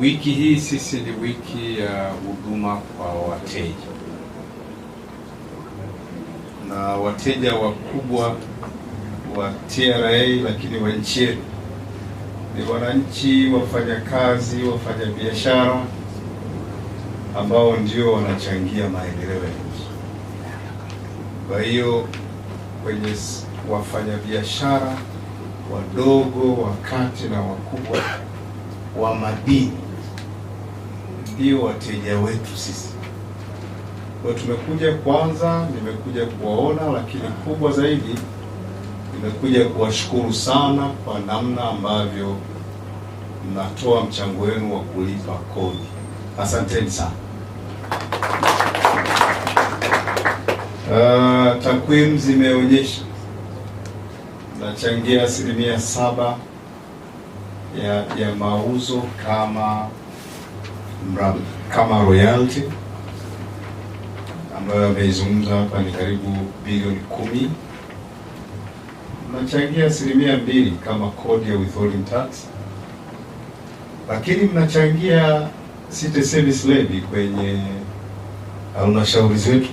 Wiki hii sisi ni wiki ya huduma kwa wateja, na wateja wakubwa wa TRA lakini wa nchi yetu ni wananchi, wafanyakazi, wafanyabiashara ambao ndio wanachangia maendeleo ya nchi. Kwa hiyo kwenye wafanyabiashara wadogo, wakati na wakubwa wa madini ndio wateja wetu sisi. Kwa tumekuja kwanza, nimekuja kuwaona, lakini kubwa zaidi nimekuja kuwashukuru sana kwa namna ambavyo mnatoa mchango wenu wa kulipa kodi. Asanteni sana. Uh, takwimu zimeonyesha nachangia asilimia saba ya, ya mauzo kama kama royalty ambayo ameizungumza hapa ni karibu bilioni kumi, mnachangia asilimia mbili kama kodi ya withholding tax, lakini mnachangia city service levy kwenye halmashauri zetu.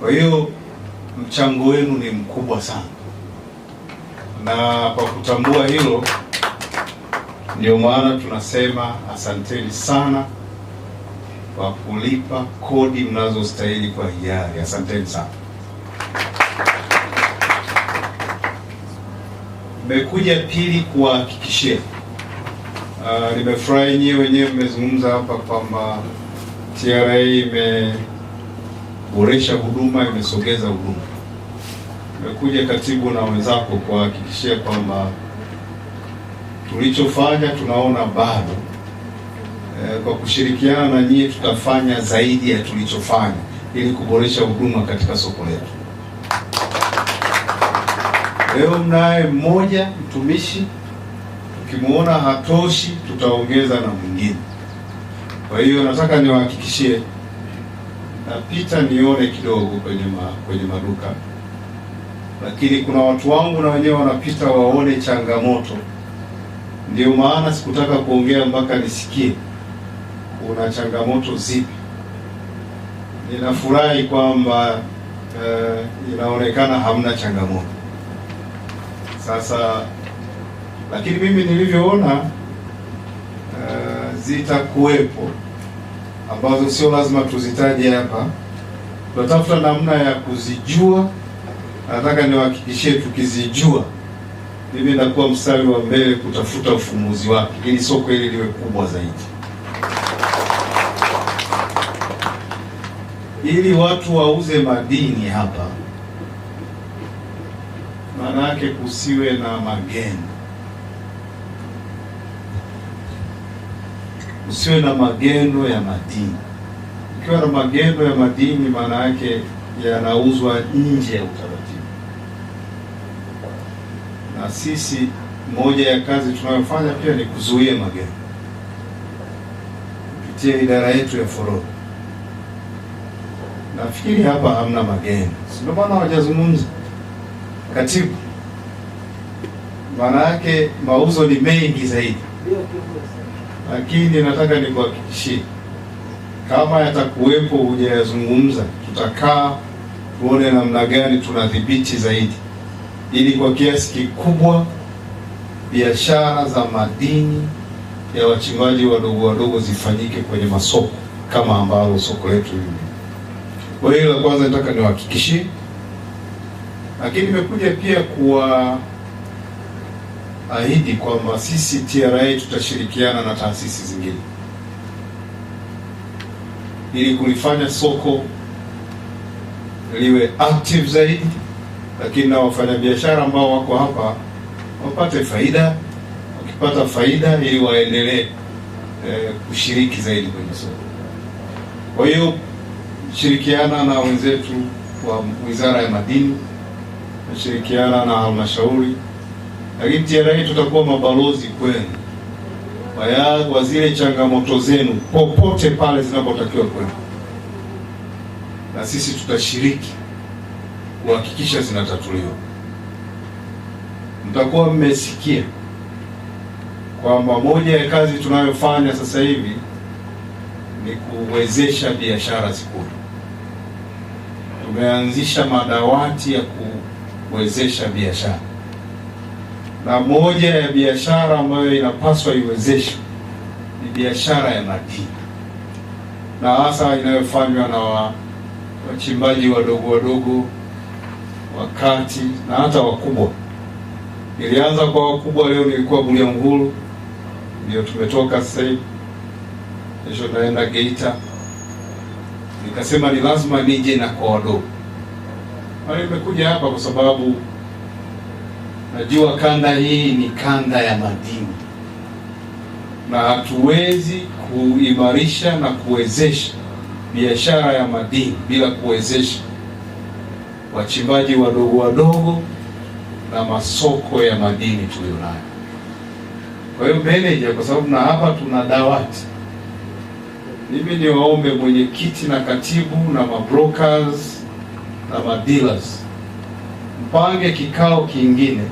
Kwa hiyo mchango wenu ni mkubwa sana, na kwa kutambua hilo ndio maana tunasema asanteni sana kwa kulipa kodi mnazostahili kwa hiari. Asanteni sana. mmekuja pili kuwahakikishia, uh, nimefurahi nyewe wenyewe mmezungumza hapa kwamba TRA imeboresha huduma, imesogeza huduma. Nimekuja katibu na wenzako kuwahakikishia kwamba Tulichofanya tunaona bado e, kwa kushirikiana na nyie tutafanya zaidi ya tulichofanya ili kuboresha huduma katika soko letu. Leo mnaye mmoja mtumishi, tukimwona hatoshi tutaongeza na mwingine. Kwa hiyo nataka niwahakikishie, napita nione kidogo kwenye ma, kwenye maduka, lakini kuna watu wangu na wenyewe wanapita waone changamoto ndio maana sikutaka kuongea mpaka nisikie una changamoto zipi. Ninafurahi kwamba eh, inaonekana hamna changamoto sasa, lakini mimi nilivyoona zita eh, zitakuwepo ambazo sio lazima tuzitaje hapa, tunatafuta namna ya kuzijua. Nataka niwahakikishie tukizijua mimi nakuwa mstari wa mbele kutafuta ufumuzi wake ili soko hili liwe kubwa zaidi, ili watu wauze madini hapa, maana kusiwe na magendo, kusiwe na magendo ya madini. Ukiwa na magendo ya madini, maana yake yanauzwa nje ya na sisi, moja ya kazi tunayofanya pia ni kuzuia magendo kupitia idara yetu ya forodha. Nafikiri hapa hamna magendo, ndio maana hawajazungumza katibu. Maana yake mauzo ni mengi zaidi, lakini nataka nikuhakikishie kama yatakuwepo hujayazungumza, tutakaa tuone namna gani tunadhibiti zaidi ili kwa kiasi kikubwa biashara za madini ya wachimbaji wadogo wadogo zifanyike kwenye masoko kama ambalo soko letu hili. Kwa hiyo la kwanza nataka niwahakikishie, lakini nimekuja pia kuwaahidi kwamba sisi TRA tutashirikiana na taasisi zingine ili kulifanya soko liwe active zaidi lakini na wafanyabiashara ambao wako hapa wapate faida, wakipata faida ili waendelee eh, kushiriki zaidi kwenye soko. Kwa hiyo shirikiana na wenzetu wa Wizara ya Madini, nashirikiana na halmashauri, lakini TRA tutakuwa mabalozi kwenu wa zile changamoto zenu popote pale zinapotakiwa kwenu, na sisi tutashiriki kuhakikisha zinatatuliwa. Mtakuwa mmesikia kwamba moja ya kazi tunayofanya sasa hivi ni kuwezesha biashara zikue. Tumeanzisha madawati ya kuwezesha biashara, na moja ya biashara ambayo inapaswa iwezeshwe ni biashara ya madini, na hasa inayofanywa na wachimbaji wadogo wadogo wakati na hata wakubwa. Nilianza kwa wakubwa, leo nilikuwa Bulyanhulu, ndio tumetoka sasa hivi, kesho naenda Geita. Nikasema ni lazima nije na kwa wadogo. Nimekuja hapa kwa sababu najua kanda hii ni kanda ya madini na hatuwezi kuimarisha na kuwezesha biashara ya madini bila kuwezesha wachimbaji wadogo wadogo na masoko ya madini tuliyonayo. Kwa hiyo meneja, kwa sababu na hapa tuna dawati, mimi niwaombe mwenyekiti na katibu na mabrokers na madealers mpange kikao kingine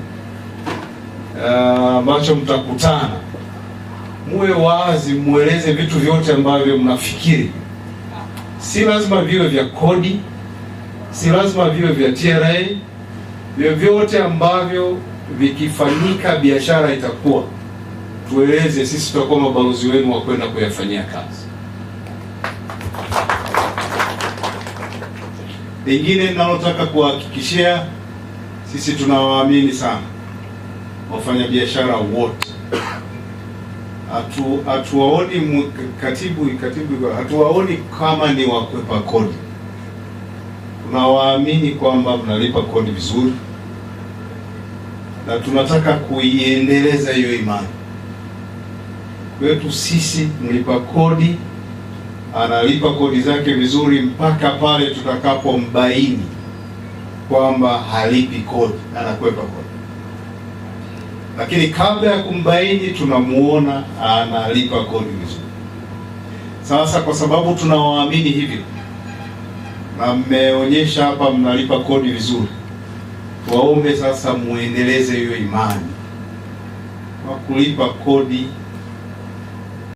eh, ambacho uh, mtakutana, muwe wazi, mweleze vitu vyote ambavyo mnafikiri, si lazima viwe vya kodi si lazima viwe vya TRA, vyovyote ambavyo vikifanyika biashara itakuwa, tueleze, sisi tutakuwa mabalozi wenu wa kwenda kuyafanyia kazi. Lingine ninalotaka kuwahakikishia, sisi tunawaamini sana wafanyabiashara wote hatu- hatuwaoni katibu katibu hatuwaoni kama ni wakwepa kodi tunawaamini kwamba mnalipa kodi vizuri na tunataka kuiendeleza hiyo imani. Kwetu sisi mlipa kodi analipa kodi zake vizuri mpaka pale tutakapombaini kwamba halipi kodi, anakwepa kodi. Lakini kabla ya kumbaini, tunamuona analipa kodi vizuri. Sasa kwa sababu tunawaamini hivyo na mmeonyesha hapa mnalipa kodi vizuri. waombe sasa muendeleze hiyo imani kwa kulipa kodi